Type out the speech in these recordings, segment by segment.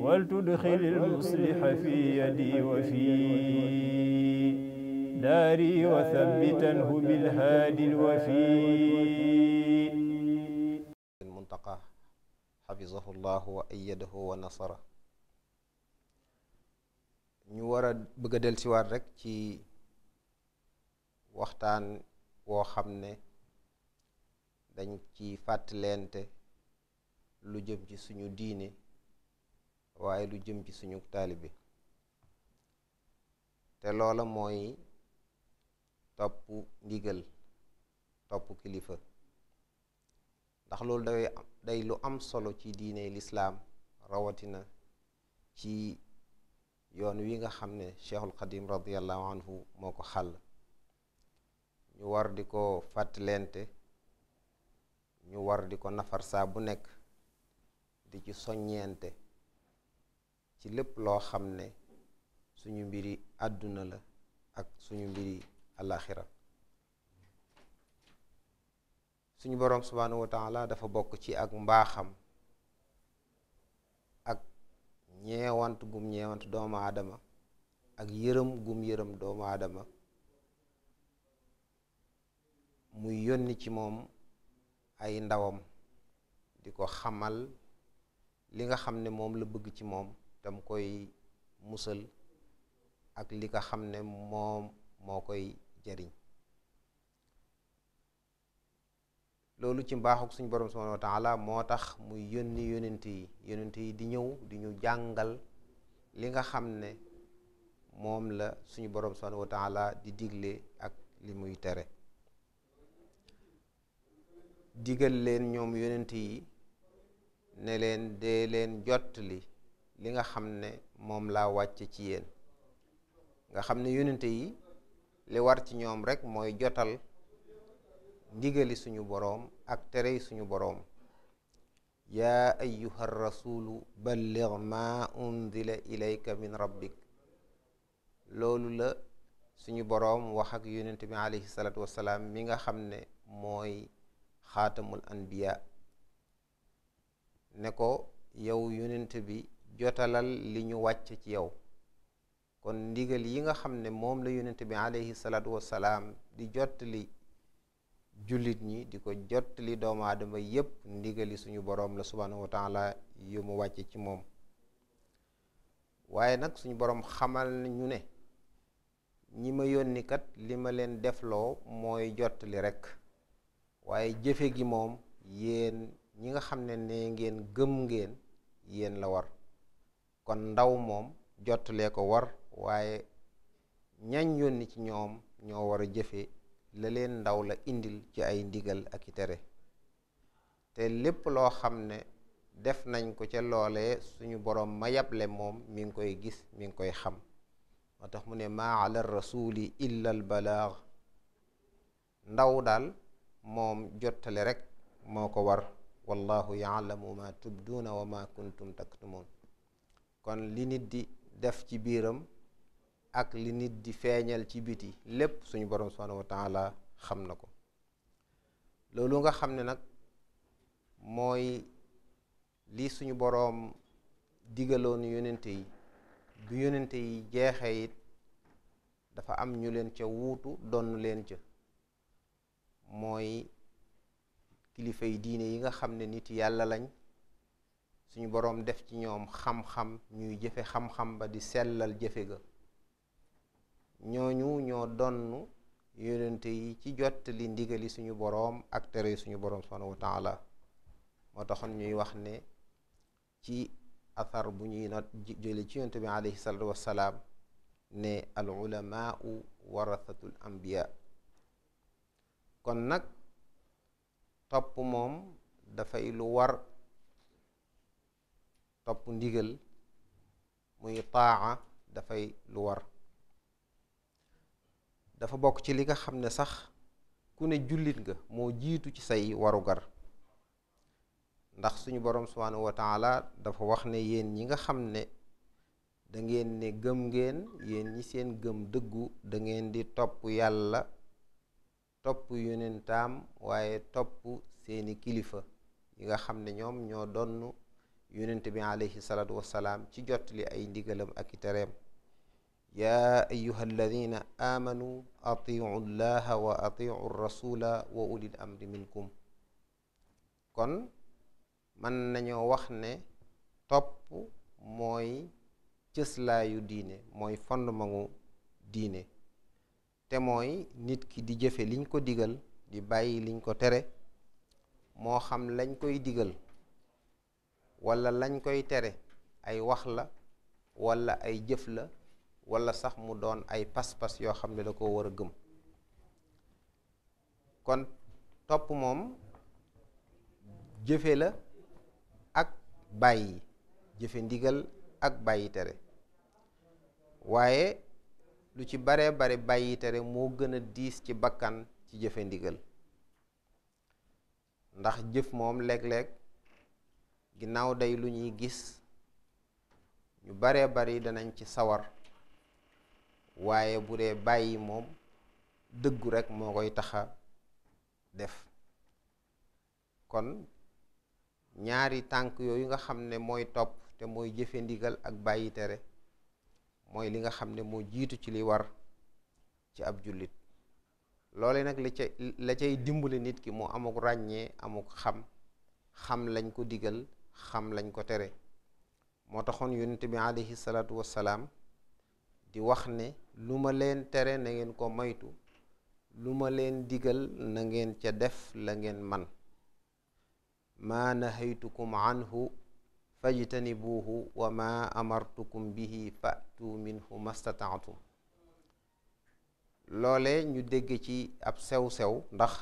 ولتدخل المصلح في يدي وفي داري وثبتنه بالهادي الوفي المنتقى حفظه الله وأيده ونصره ñu war a bëgg a dellusiwaat rek ci waxtaan woo xam ne dañ ci fàttalente lu jëm ci suñu diine waaye lu jëm ci suñu taalibe te loola mooy topp ndigal topp kilifa ndax loolu day day lu am solo ci diine lislaam rawatina ci yoon wi nga xam ne cheikhul xadim radiallahu anhu moo ko xàll ñu war di ko fàttalente ñu war di ko nafar saa bu nekk di ci soññeente ci lépp loo xam ne suñu mbiri àdduna la ak suñu mbiri àllaaxira suñu boroom subhaanahu wa taala dafa bokk ci ak mbaaxam ak ñeewant gum ñeewant doomu aadama ak yërëm gum yërëm doomu aadama muy yónni ci moom ay ndawam di ko xamal li nga xam ne moom la bëgg ci moom tam koy musal ak li nga xam ne moom moo koy jariñ loolu ci mbaaxuk suñu borom subhanahu wa taala moo tax muy yónni yónent yi yónent yi di ñëw di ñu jàngal li nga xam ne moom la suñu borom subhanahu wa taala di digle ak li muy tere digal leen ñoom yónent yi ne leen dee leen jot li li nga xam ne moom la wàcce ci yéen nga xam ne yonente yi li war ci ñoom rek mooy jotal ndigali suñu boroom ak terey suñu boroom yaa ayyuha rasulu balligh ma unzila ilayka min rabbik loolu la suñu boroom wax ak yonente bi alayhi salaatu wassalaam mi nga xam ne mooy xaatamul anbiya ne ko yow yonente bi jotalal li ñu wàcce ci yow kon ndigal yi nga xam ne moom la yonent bi aleyhi salaatu wassalaam di jottali jullit ñi di ko jottali doomu aadama yépp ndigali suñu boroom la subhaanahu wa taala yu mu wàcce ci moom waaye nag suñu boroom xamal ñu ne ñi ma yónni li ma leen defloo mooy jottali rekk waaye jëfe gi moom yéen ñi nga xam ne nee ngeen gëm ngeen yéen la war kon ndaw moom jottalee ko war waaye ñañ yónni ci ñoom ñoo war a jëfe la leen ndaw la indil ci ay ndigal ak i tere te lépp loo xam ne def nañ ko ca loole suñu boroom ma yable moom mi ngi koy gis mi ngi koy xam moo tax mu ne maa ala rasuli illa al balaag ndaw daal moom jottale rekk moo ko war wallahu yaalamu ma tubduuna wa ma kuntum taktumun kon li nit di def ci biiram ak li nit di feeñal ci biti lépp suñu borom subhanahu wa la xam na ko loolu nga xam ne nag mooy li suñu boroom digaloon yonente yi bu yonente yi jeexee it dafa am ñu leen ca wuutu donn leen ca mooy kilifay diine yi nga xam ne nit yàlla lañ suñu boroom def ci ñoom xam-xam ñuy jëfe xam-xam ba di sellal jëfe ga ñooñu ñoo donn yonente yi ci jottali ndigali suñu boroom ak tere suñu boroom subhaanahu wa taala moo taxoon ñuy wax ne ci athar bu ñuy not jële ci yonente bi alayhi salaatu wassalaam ne al ulamaau warathatul anbiya kon nag topp moom dafay lu war topp ndigal muy taaxa dafay lu war dafa bokk ci li nga xam ne sax ku ne jullit nga moo jiitu ci say warugar ndax suñu boroom subhaanahu wa taala dafa wax ne yéen ñi nga xam ne da ne gëm ngeen yéen ñi seen gëm dëggu dangeen di topp yàlla topp yonentaam waaye topp seeni kilifa yi nga xam ne ñoom ñoo donn yonent bi alayhi salaatu wassalaam ci jottali ay ndigalam ak i tereem yaa ayuha alladina aamanu atiu llaha wa atiu rasula wa ulil amri minkum kon mën nañoo wax ne topp mooy cëslaayu diine mooy fondmangu diine te mooy nit ki di jëfe liñ ko digal di bàyyi liñ ko tere moo xam lañ koy digal walla lañ koy tere ay wax la walla ay jëf la walla sax mu doon ay pas-pas yoo xam ne da ko war a gëm kon topp moom jëfe la ak bàyyi jëfe ndigal ak bàyyi tere waaye lu ci baree bare bàyyi tere moo gën a diis ci bakkan ci jëfe ndigal ndax jëf moom léeg-léeg ginnaaw day lu ñuy gis ñu baree bari danañ ci sawar waaye bu dee bàyyi moom dëggu rekk moo koy taxa def kon ñaari tànk yooyu nga xam ne mooy topp te mooy jëfe ndigal ak bàyyi tere mooy li nga xam ne moo jiitu ci li war ci ab jullit loole nag la ca la cay dimbali nit ki moo amuk ràññee amuk xam xam lañ ko digal xam lañ ko tere moo taxoon yunt bi aleyhi salaatu wassalaam di wax ne lu ma leen tere na ko moytu lu ma leen digal na ngeen ca def la ngeen man maa nahaytukum anhu fajtanibuuhu wa maa amartukum bihi fatu minhu mastataatum loole ñu dégg ci ab sew-sew ndax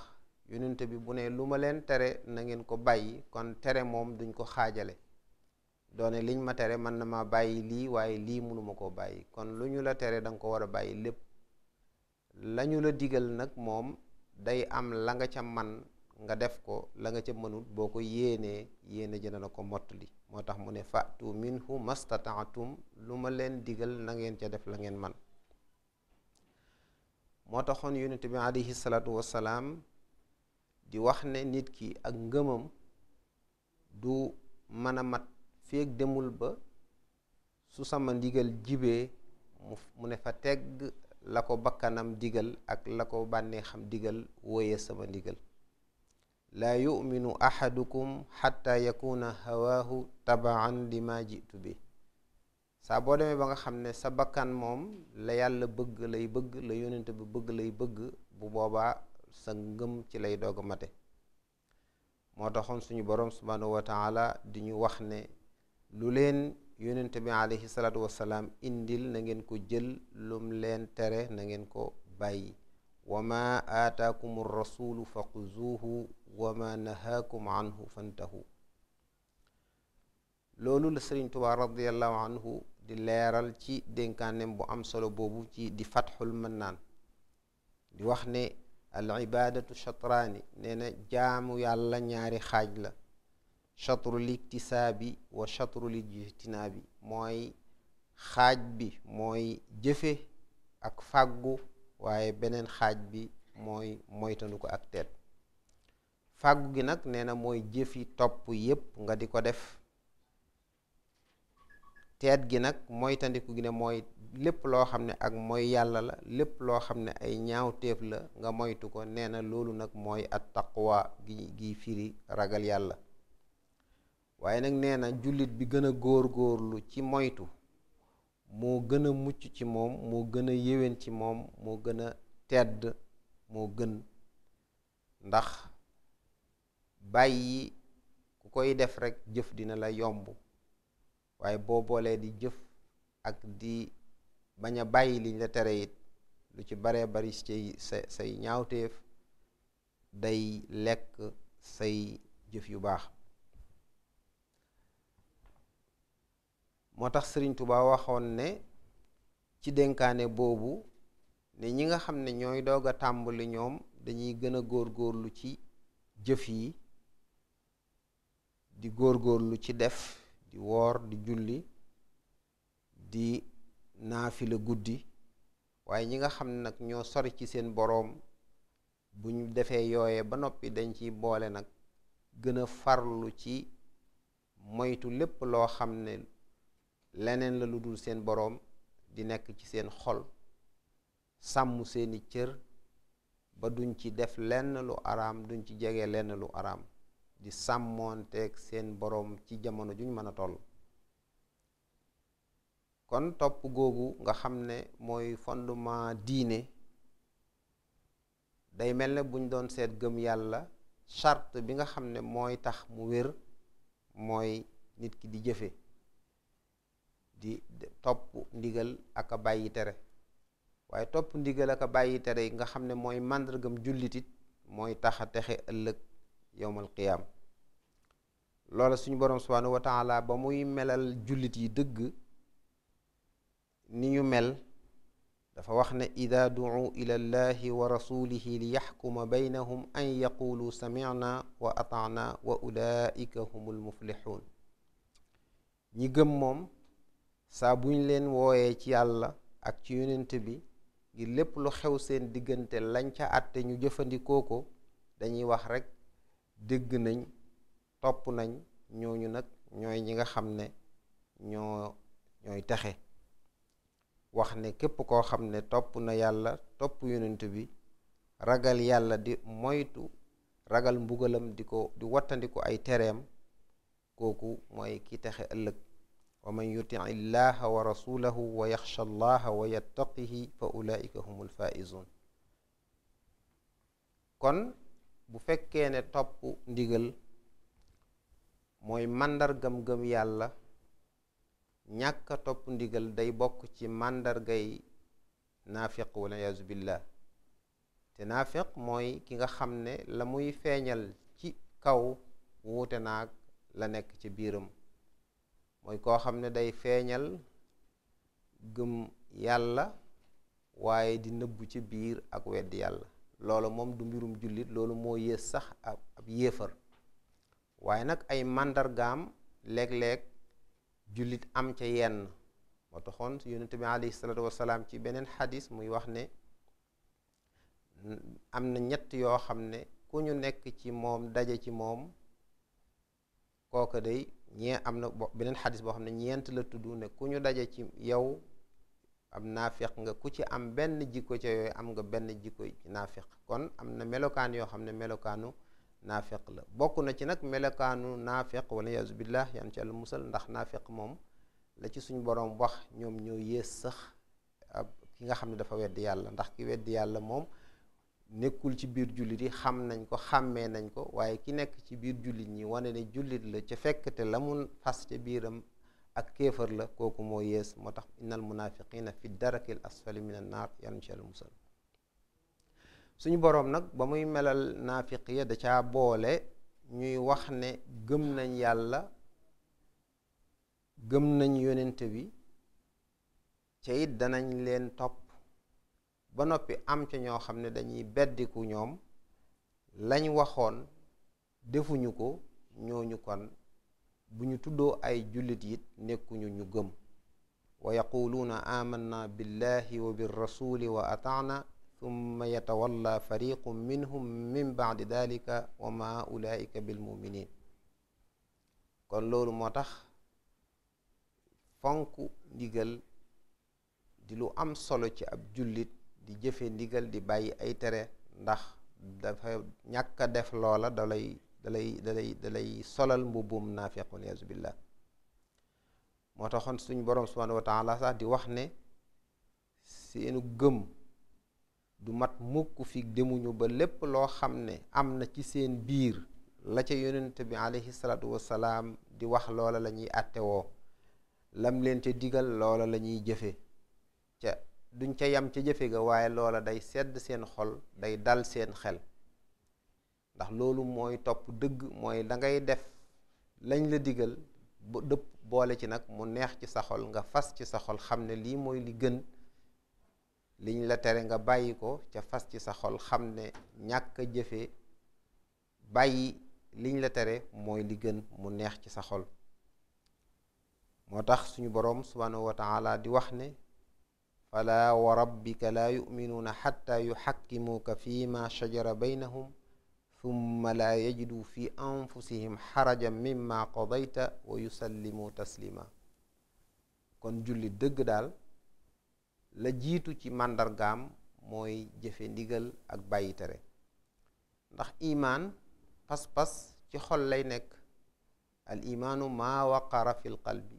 yonent bi bu ne lu ma leen tere na ngeen ko bàyyi kon tere moom duñ ko xaajale doone liñ ma tere mën na ma bàyyi lii waaye lii mënuma koo bàyyi kon lu ñu la tere danga ko war a bàyyi lépp lañu la digal nag moom day am la nga ca man nga def ko la nga ca mënut boo ko yéenee yéene jëna na ko li moo tax mu ne fatu minhu mastataatum lu ma leen digal na ngeen ca def la ngeen man moo taxoon yonent bi alayhi salaatu wassalaam di wax ne nit ki ak ngëmam du mën a mat feeg demul ba su sama ndigal jibee mu ne fa tegg la ko bakkanam digal ak la ko bànnee digal wooye sama ndigal laa yuminu ahadukum xatta yakuna hawaahu tabaan li ma jitu bi saa boo demee ba nga xam ne sa bakkan moom la yàlla bëgg lay bëgg la yonent bi bëgg lay bëgg bu boobaa sa ngëm ci lay doog mate moo taxoon suñu boroom subhaanahu wa taala di ñu wax ne lu leen yonente bi aleyhi salaatu wasalaam indil na ngeen ko jël lum leen tere nangeen ko bàyyi wa ma aataakum rasulu fa xuzuuhu wa ma nahaakum anhu fantahu loolu la sëriñ tubaa radiallahu anhu di leeral ci dénkaanem bu am solo boobu ci di fatxul mannaan di wax ne al ibaadatu chatraani jaamu yàlla ñaari xaaj la chatrul iktisaabi wa chatrul ijtinaabi mooy xaaj bi mooy jëfe ak fàggu waaye beneen xaaj bi mooy moytandu ak teet fàggu gi nag nee mooy jëfi topp yépp nga di ko def teet gi nag moytandiku gi ne mooy lépp loo xam ne ak mooy yàlla la lépp loo xam ne ay ñaawteef la nga moytu ko nee na loolu nag mooy at taqwa gi gi firi ragal yàlla waaye nag nee na jullit bi gëna a góor-góorlu ci moytu moo gën a mucc ci moom moo gën a yéwén ci moom moo gën a tedd moo gën ndax bàyyi ku koy def rekk jëf dina la yomb waaye boo boolee di jëf ak di bañ a bàyyi liñ la tere it lu ci baree bari say say ñaawteef day lekk say jëf yu baax moo tax sëriñtu Tuubaa waxoon ne ci dénkaane boobu ne ñi nga xam ne ñooy doog a tàmbali ñoom dañuy gën a góorlu ci jëf yi di góorgóorlu ci def di woor di julli di naafila guddi waaye ñi nga xam nag ñoo sori ci seen boroom bu ñu defee yooye ba noppi dañ ciy boole nag gën a farlu ci moytu lépp loo xam ne leneen la lu dul seen boroom di nekk ci seen xol sàmm seeni cër ba duñ ci def lenn lu araam duñ ci jege lenn lu araam di sàmmoonteeg seen boroom ci jamono juñ mën a toll kon topp googu nga xam ne mooy fondement diine day mel ne buñ doon seet gëm yàlla charte bi nga xam ne mooy tax mu wér mooy nit ki di jëfe di topp ndigal ak a bàyyi tere waaye topp ndigal ak a bàyyi tere yi nga xam ne mooy màndargam jullitit mooy tax a texe ëllëg yowmal qiyaam loola suñu borom subhaanahu wa ba muy melal jullit yi dëgg ni ñu mel dafa wax ne ida duu ila llahi wa rasulihi li yaxkuma baynahum an yaqulu samicna wa ataana wa ulaika humul muflixuun ñi gëm moom saa bu ñu leen wooyee ci yàlla ak ci yonent bi ngir lépp lu xew seen diggante lañ ca àtte ñu jëfandikoo ko dañuy wax rekk dégg nañ topp nañ ñooñu nag ñooy ñi nga xam ne ñoo ñooy texe wax ne képp koo xam ne topp na yàlla topp yonent bi ragal yàlla di moytu ragal mbugalam di ko di wattandiku ay tereem kooku mooy ki texe ëllëg wa man yuti illaha wa rasulahu wa yaxsha allaha wa yattaqihi fa ulaika humul faizun kon bu fekkee ne topp ndigal mooy màndargam gëm yàlla ñàkk topp ndigal day bokk ci màndargay naafiq wala yaasu billah te naafiq mooy ki nga xam ne la muy feeñal ci kaw wuute naag la nekk ci biiram mooy koo xam ne day feeñal gëm yàlla waaye di nëbbu ci biir ak wedd yàlla loolu moom du mbirum jullit loolu moo yées sax ab ab yéefar waaye nag ay màndargaam léeg-léeg jullit am ca yenn moo taxoon yonent bi alayhi salaatu wasalaam ci beneen xadis muy wax ne am na ñett yoo xam ne ku ñu nekk ci moom daje ci moom kooka day ñee am na beneen xadis boo xam ne ñeent la tudd ne ku ñu daje ci yow am naafiq nga ku ci am benn jikko ca yooyu am nga benn jikko naafiq kon am na melokaan yoo xam ne melokaanu naafeq la bokk na ci nag melokaanu naafeq wala yaasu billah yan ci àll musal ndax naafeq moom la ci suñ boroom wax ñoom ñoo yées sax ki nga xam ne dafa wedd yàlla ndax ki weddi yàlla moom nekkul ci biir jullit yi xam nañ ko xàmmee nañ ko waaye ki nekk ci biir jullit ñi wane ne jullit la ca fekk te la mu fas ca biiram ak kéefar la kooku moo yées moo tax innal munaafiqiina fi darakil asfali minan naar yan ci àll musal suñu boroom nag ba muy melal naafiq ya da caa boole ñuy wax ne gëm nañ yàlla gëm nañ yonent bi ca it danañ leen topp ba noppi am ca ñoo xam ne dañuy beddiku ñoom lañ waxoon defuñu ko ñooñu kon bu ñu tuddoo ay jullit it nekkuñu ñu gëm wa yaquluuna amanna wa birrasuli wa ataana summa yatawalla fariqu minhum min baadi dalika wa ma ulaika bil muminin kon loolu moo tax fonk ndigal di lu am solo ci ab jullit di jëfe ndigal di bàyyi ay tere ndax dafa ñàkk def loola dalay dalay dalay solal mbubbum naafiq waliyaasu billah moo taxoon suñu boroom subhaanahu wa sax di wax ne seenu gëm du mat mukk fi demuñu ba lépp loo xam ne am na ci seen biir la ca yonent bi aleyhi salaatu wasalaam di wax loola la ñuy àttewoo lam leen ca digal loola la ñuy jëfe ca duñ ca yam ca jëfe ga waaye loola day sedd seen xol day dal seen xel ndax loolu mooy topp dëgg mooy dangay def lañ la digal dëpp boole ci nag mu neex ci sa xol nga fas ci sa xol xam ne lii mooy li gën liñ la tere nga bàyyi ko ca fas ci sa xol xam ne ñàkk jëfe bàyyi liñ la tere mooy li gën mu neex ci sa xol moo tax suñu boroom subhaanahu wa di wax ne fala wa rabbika laa yuminuuna xatta yuxakkimuuka fi ma shajara baynahum summa laa yajidu fi anfusihim xarajan mimma qadayta wa yusallimu taslima kon julli dëgg daal la jiitu ci màndargaam mooy jëfe ndigal ak bàyyi tere ndax imaan pas-pas ci xol lay nekk al imaanu maa fil qalbi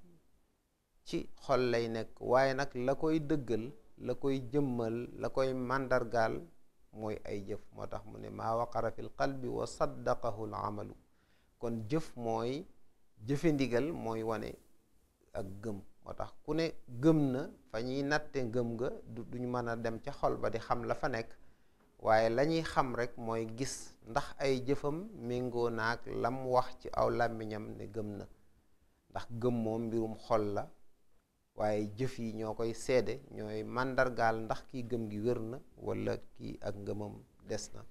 ci xol lay nekk waaye nag la koy dëggal la koy jëmmal la koy màndargaal mooy ay jëf moo tax mu ne maa waqara fil qalbi wa saddaqahu amalu kon jëf mooy jëfe ndigal mooy wane ak gëm moo tax ku ne gëm na fa ñuy natte ngëm ga duñ mën a dem ca xol ba di xam la fa nekk waaye lañuy xam rekk mooy gis ndax ay jëfam méngoo naag lam wax ci aw làmmiñam ne gëm na ndax gëm moom mbirum xol la waaye jëf yi ñoo koy seede ñooy màndargaal ndax kii gëm gi wér na walla kii ak ngëmam des na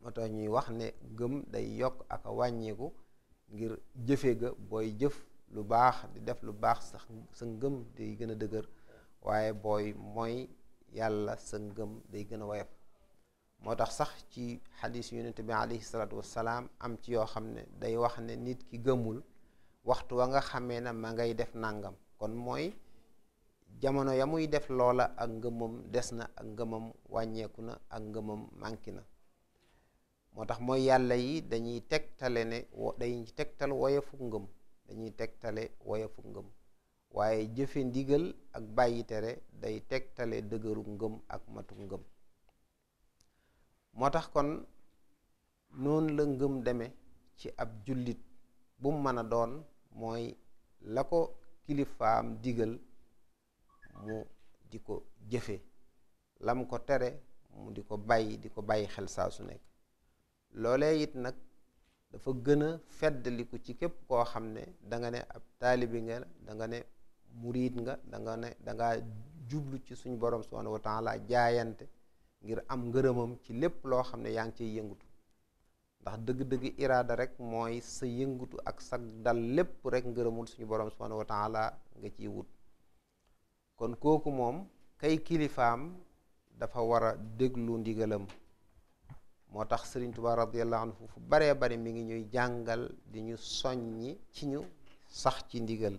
moo tax ñuy wax ne gëm day yokk ak a wàññeeku ngir jëfe ga booy jëf lu baax di def lu baax sax sa ngëm day gën a dëgër waaye booy mooy yàlla sa ngëm day gën a woyof moo tax sax ci xadis yonent bi alayhi salaatu wassalaam am ci yoo xam ne day wax ne nit ki gëmul waxtu wa nga xamee na ma ngay def nàngam kon mooy jamono ya muy def loola ak ngëmam des na ak ngëmam wàññeeku na ak ngëmam mànki na moo tax mooy yàlla yi dañuy tegtale ne dañuy tegtal woyofu ngëm dañuy tegtale woyofu ngëm waaye jëfe ndigal ak bàyyi tere day tegtale dëgëru ngëm ak matu ngëm moo tax kon noon la ngëm deme ci ab jullit bu mu mën a doon mooy la ko kilifaam digal mu di ko jëfe lam ko tere mu di ko bàyyi di ko bàyyi xel saa su nekk loolee it nag dafa gën a feddaliku ci képp koo xam ne da nga ne ab taalibi nga da nga ne muriit nga danga ne danga jublu ci suñu borom subhanahu wa laa jaayante ngir am ngërëmam ci lépp loo xam ne yaa ngi ciy yëngutu ndax dëgg-dëgg iraada rek mooy sa yëngutu ak sa dal lépp rek ngërëmul suñu borom subhanahu wa laa nga ci wut kon kooku moom kay kilifaam dafa war a déglu ndigalam moo tax sëriñ Tuubaa radiyallahu anhu fu baree bari mi ngi ñuy jàngal di ñu soññi ci ñu sax ci ndigal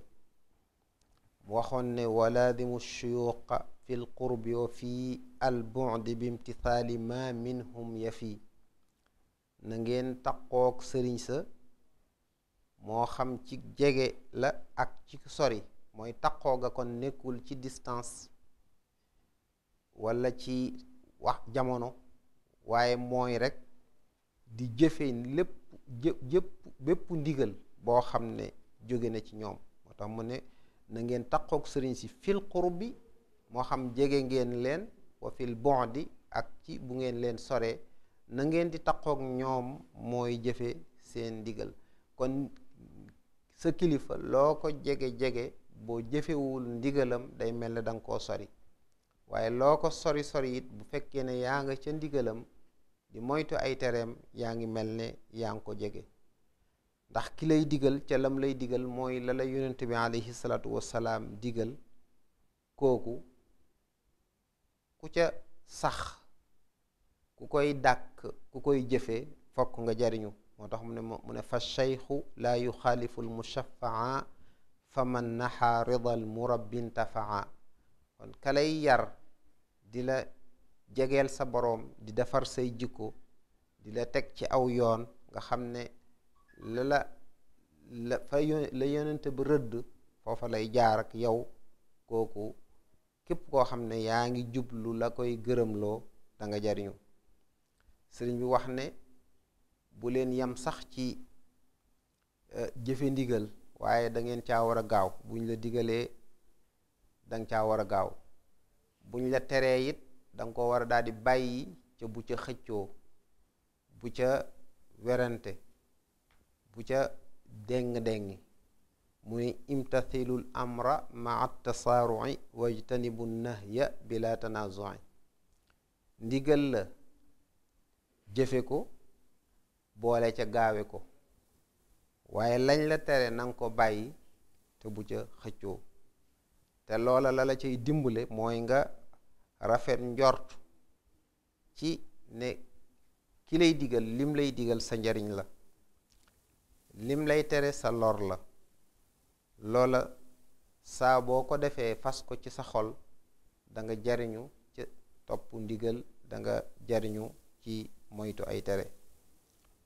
mu waxoon ne walaadimu shuyuuqa fi l qurbi wa fi al bu'di bi imtithaali ma minhum yafi na ngeen taqook sëriñ sa moo xam ci jege la ak ci sori mooy taqoo ga kon nekkul ci distance wala ci wax jamono waaye mooy rek di jëfe lépp jë jëpp bépp ndigal boo xam ne jóge na ci ñoom moo tax mu ne na ngeen takkook sëriñ si fil bi moo xam jege ngeen leen wa fil bu'di ak ci bu ngeen leen sore na ngeen di takkook ñoom mooy jëfe seen ndigal kon sa kilifa loo ko jege jege boo jëfewul ndigalam day mel ne danga koo sori waaye loo ko sori sori it bu fekkee ne yaa nga ca ndigalam di moytu ay tereem yaa ngi mel ne yaa ngi ko jege ndax ki lay digal ca lam lay digal mooy la la yonent bi aleyhi salaatu wasalaam digal kooku ku ca sax ku koy dàkk ku koy jëfe fokk nga jariñu moo tax mu ne mu ne fa sheyxu xaalifu yuxaalifu al mushafaa fa man naxaa ridal murabbin tafaa kon ka lay yar di la jegeel sa boroom di defar say jikko di la teg ci aw yoon nga xam ne la la la fa la yonente bi rëdd foofa lay jaar ak yow kooku képp koo xam ne yaa ngi jublu la koy gërëmloo danga nga jariñu sëriñ bi wax ne bu leen yam sax ci eh, jëfe ndigal waaye dangeen ngeen caa war a gaaw buñ la digalee danga caa war a gaaw buñ la teree it da nga ko war a daal bàyyi ca bu ca xëccoo bu ca werante bu ca déng-déng mu ne imtathilul amra maa tasaarui wajtanibu nahya bila tanazui ndigal la jëfe ko boole ca gaawe ko waaye lañ la tere nanga ko bàyyi te bu ca xëccoo te loola lala cay dimbale mooy nga rafet njort ci ne ki lay digal lim lay digal sa njariñ la lim lay tere sa lor la loola saa boo ko defee fas ko ci sa xol danga jariñu ci topp ndigal danga jariñu ci moytu ay tere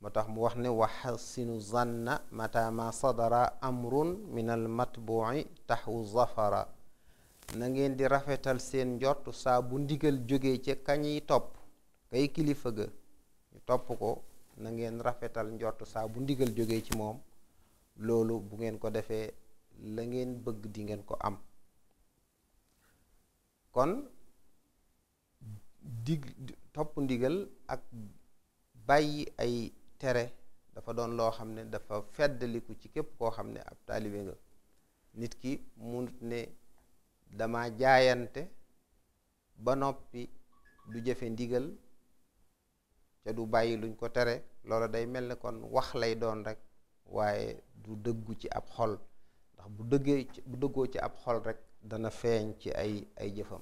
moo tax mu wax ne waxasinu zanna mata ma dara amrun min al matbu'i taxwu zafara na ngeen di rafetal seen njort saa bu ndigal jógee ca kañiy topp kay kilifa ga ñu topp ko na ngeen rafetal njort saa bu ndigal jógee ci moom loolu bu ngeen ko defee la ngeen bëgg di ngeen ko am kon dig topp ndigal ak bàyyi ay tere dafa doon loo xam ne dafa feddaliku ci képp koo xam ne ab taalibe nga nit ki munut ne dama jaayante ba noppi du jëfe ndigal te du bàyyi luñ ko tere loolu day mel ni kon wax lay doon rekk waaye du dëggu ci ab xol ndax bu dëggee dëggoo ci ab xol rekk dana feeñ ci ay ay jëfam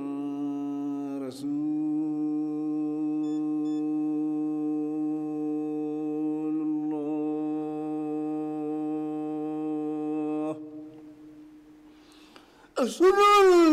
sunu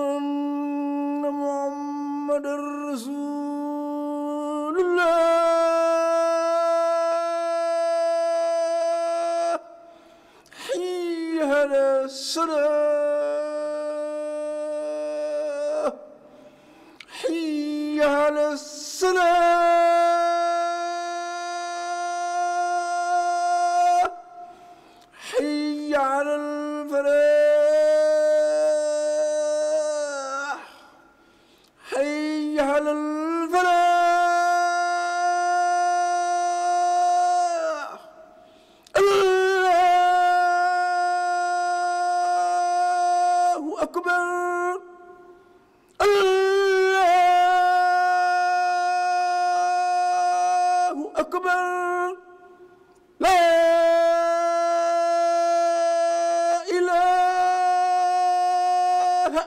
أن محمد رسول الله حي على الصلاة حي على الصلاة sëriñ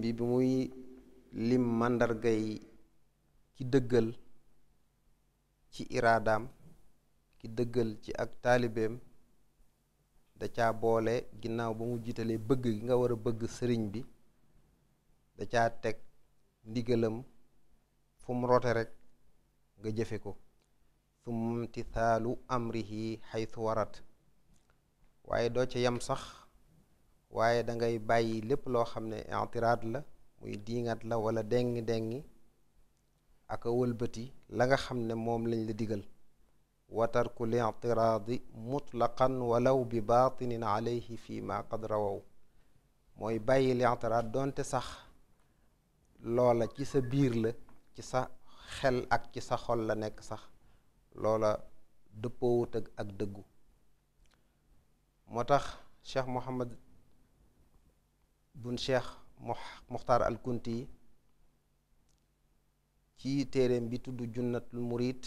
bi bi muy lim màndargay ki dëggal ci iraadaam ki dëggal ci ak taalibeem da caa boole ginnaaw ba mu jiitalee bëgg gi nga war bëgg sëriñ bi da caa teg ndigalam fu mu rote rek nga jëfe ko summa imtithaalu amrihi xaytu warat waaye doo ca yam sax waaye dangay bàyyi lépp loo xam ne intiraat la muy diingat la wala dengi dengi ak wëlbati la nga xam ne moom lañ la digal wa tarku li'tiraadi mutlaqan walaw bi baatinin alayhi fi ma qad rawaw mooy bàyyi li'tiraad doonte sax loola ci sa biir la ci sa xel ak ci sa xol la nekk sax loola dëppoowut ak dëggu moo tax cheikh mohammad bun cheikh muxtaar al kunti yi ci téereem bi tudd junnatul murit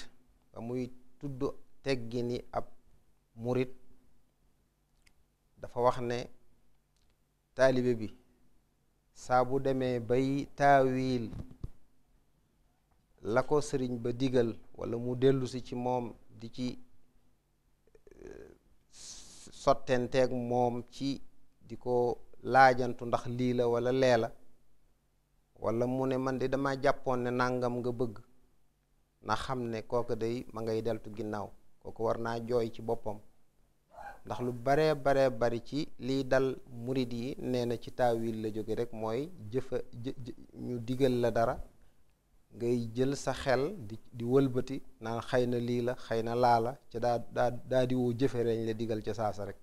ba muy tudd ni ab murit dafa wax ne taalibe bi saa bu demee bay taawil la ko sëriñ ba digal walla mu dellusi ci moom di ci eh, sottenteeg moom ci di ko laajantu ndax lii la wala lee la walla mu ne man de dama jàppoon ne nàngam nga bëgg na xam ne kooku day ma ngay deltu ginnaaw kooku war naa jooy ci boppam ndax lu baree baree bari ci liy dal murit yi nee na ci taawil la jóge rek mooy jëfa ñu digal la dara ngay jël sa xel di di wëlbati naan xëy na lii la xëy na laa la ca daa daa daa di woo jëfe lañ la digal ca saasa rek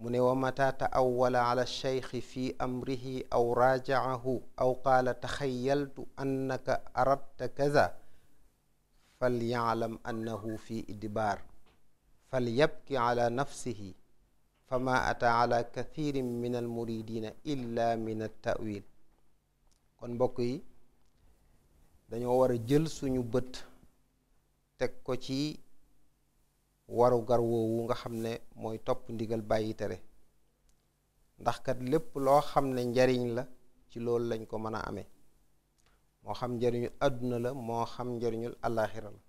mu ne wa mata taawala ala lcheikhi fi amrihi aw rajaahu aw qaala taxayaltu annaka aradta kaza fal yaalam annahu fi idbaar fal yabki ala nafsihi fama ata ala kathirin min al muridina illa min al kon mbokk yi dañoo war a jël suñu bët teg ko ci waru gar woowu nga xam ne mooy topp ndigal bàyyi tere ndax kat lépp loo xam ne njariñ la ci loolu lañ ko mën a amee moo xam njariñul àdduna la moo xam njariñul àllaaxira la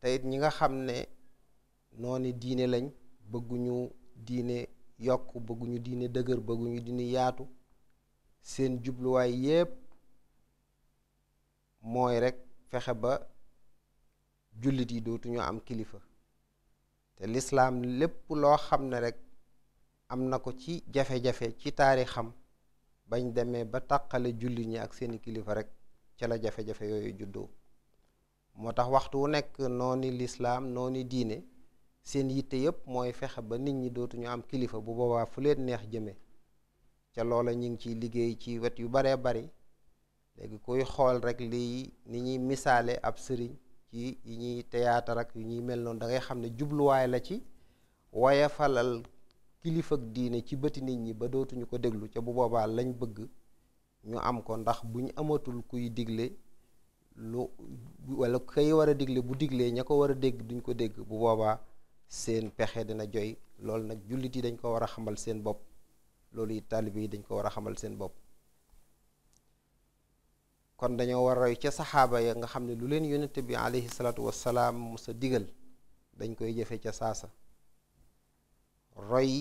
te ñi nga xam ne noonu diine lañ bëgguñu diine yokk bëgguñu diine dëgër bëgguñu diine yaatu seen jubluwaay yépp mooy rekk fexe ba jullit yi dootuñu am kilifa te lislaam lépp loo xam ne rekk am na ko ci jafe-jafe ci taarixam bañ demee ba taqale jullit ñi ak seeni kilifa rekk ca la jafe-jafe yooyu juddoo moo tax waxtu wu nekk nooni lislaam nooni diine seen yitte yëpp mooy fexe ba nit ñi dootuñu am kilifa bu boobaa fu leen neex jëme ca loola ñu ngi ciy liggéey ci wet yu baree bari léegi kuy xool rek lii ni ñuy misaale ab sëriñ ci yi ñuy théâtre ak yu ñuy mel noonu dangay xam ne jubluwaay la ci waaye falal kilifa diine ci bëti nit ñi ba dootuñu ko déglu ca bu boobaa lañ bëgg ñu am ko ndax bu amatul kuy digle lu wala kay war a digle bu digle ña ko war a dégg duñ ko dégg bu boobaa seen pexe dina joy loolu nag jullit yi dañ ko war a xamal seen bopp loolu it taalibe yi dañ ko war a xamal seen bopp kon dañoo war a roy ca saxaaba ya nga xam ne lu leen yonente bi aleyhi salaatu wasalaam sa digal dañ koy jëfe ca saasa roy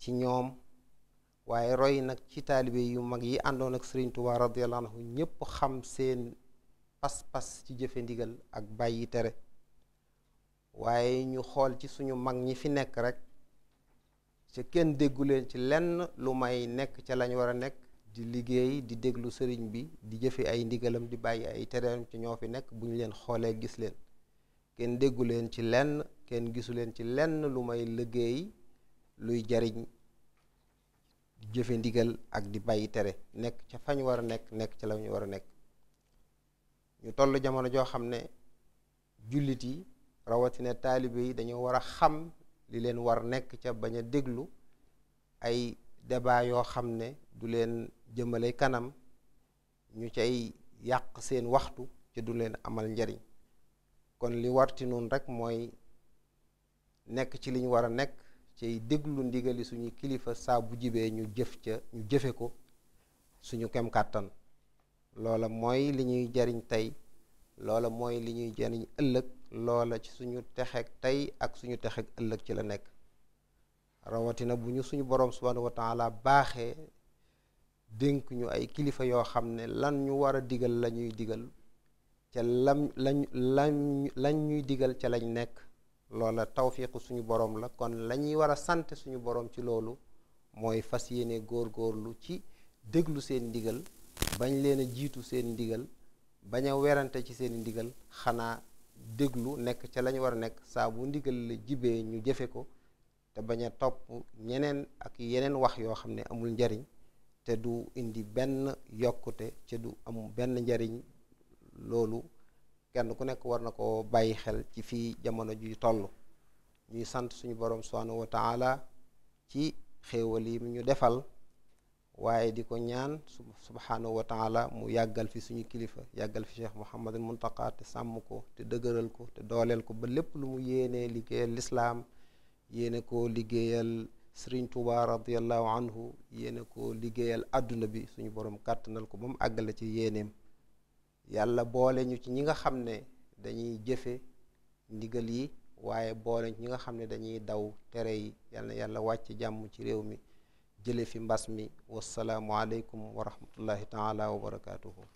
ci ñoom waaye roy nag ci taalibe yu mag yi àndoon ak Sëriñ Tuubaa radiyallaahu anhu ñépp xam seen pas-pas ci jëfe ndigal ak bàyyi tere waaye ñu xool ci suñu mag ñi fi nekk rek ca kenn déggu leen ci lenn lu may nekk ca lañ war a nekk di liggéey di déglu sëriñ bi di jëfe ay ndigalam di bàyyi ay tereem ci ñoo fi nekk bu ñu leen xoolee gis leen kenn déggu leen ci lenn kenn gisu leen ci lenn lu may liggéey luy jariñ jëfe ndigal ak di bàyyi tere nekk ca fañ war a nekk nekk ca lañu war a nekk ñu toll jamono joo xam ne jullit yi rawatina taalibe yi dañoo war a xam li leen war nekk ca bañ a déglu ay débat yoo xam ne du leen jëmale kanam ñu cay yàq seen waxtu ca du leen amal njariñ kon li warti noonu rek mooy nekk ci liñ ñu war a nekk cay déglu ndigali suñu kilifa saabu jibee ñu jëf ca ñu jëfe ko suñu kem kàttan loola mooy li ñuy jariñ tey loola mooy li ñuy jariñ ëllëg loola ci suñu texeeg tey ak suñu texeeg ëllëg ci la nekk rawatina bu ñu suñu boroom subhaanahu wa taala baaxee dénk ñu ay kilifa yoo xam ne lan ñu war a digal lañuy ñuy digal ca lam lañ ñuy digal ca lañ nekk loola tawfiiqu suñu boroom la kon lañuy ñuy war a sant suñu boroom ci loolu mooy fas yéene góor-góorlu ci déglu seen ndigal bañ leen jiitu seen ndigal bañ a werante ci seeni ndigal xanaa déglu nekk ca lañu ñu war a nekk saabu bu ndigal la jibee ñu jëfe ko te bañ a topp ñeneen ak yeneen wax yoo xam ne amul njariñ te du indi benn yokkute te du am benn njariñ loolu kenn ku nekk war na ko bàyyi xel ci fii jamono ji toll ñuy sant suñu borom subhanahu wa taala ci xéewal yi ñu defal waaye di ko ñaan subhaanahu wa taala mu yàggal fi suñu kilifa yàggal fi cheikh Mouhamadul Muntaqa te sàmm ko te dëgëral ko te dooleel ko ba lépp lu mu yéenee liggéeyal lislaam yéene ko liggéeyal Sëriñ Tuuba radiallahu anhu yéene ko liggéeyal àdduna bi suñu borom kàttanal ko ba mu àggale ci yéeneem yàlla boole ñu ci ñi nga xam ne dañuy jëfe ndigal yi waaye boole ñu ci ñi nga xam ne dañuy daw tere yi yàlla yàlla wàcc jàmm ci réew mi jële fi mbas mi wasalaamualeykum wa rahmatullahi taala wa barakaatuhu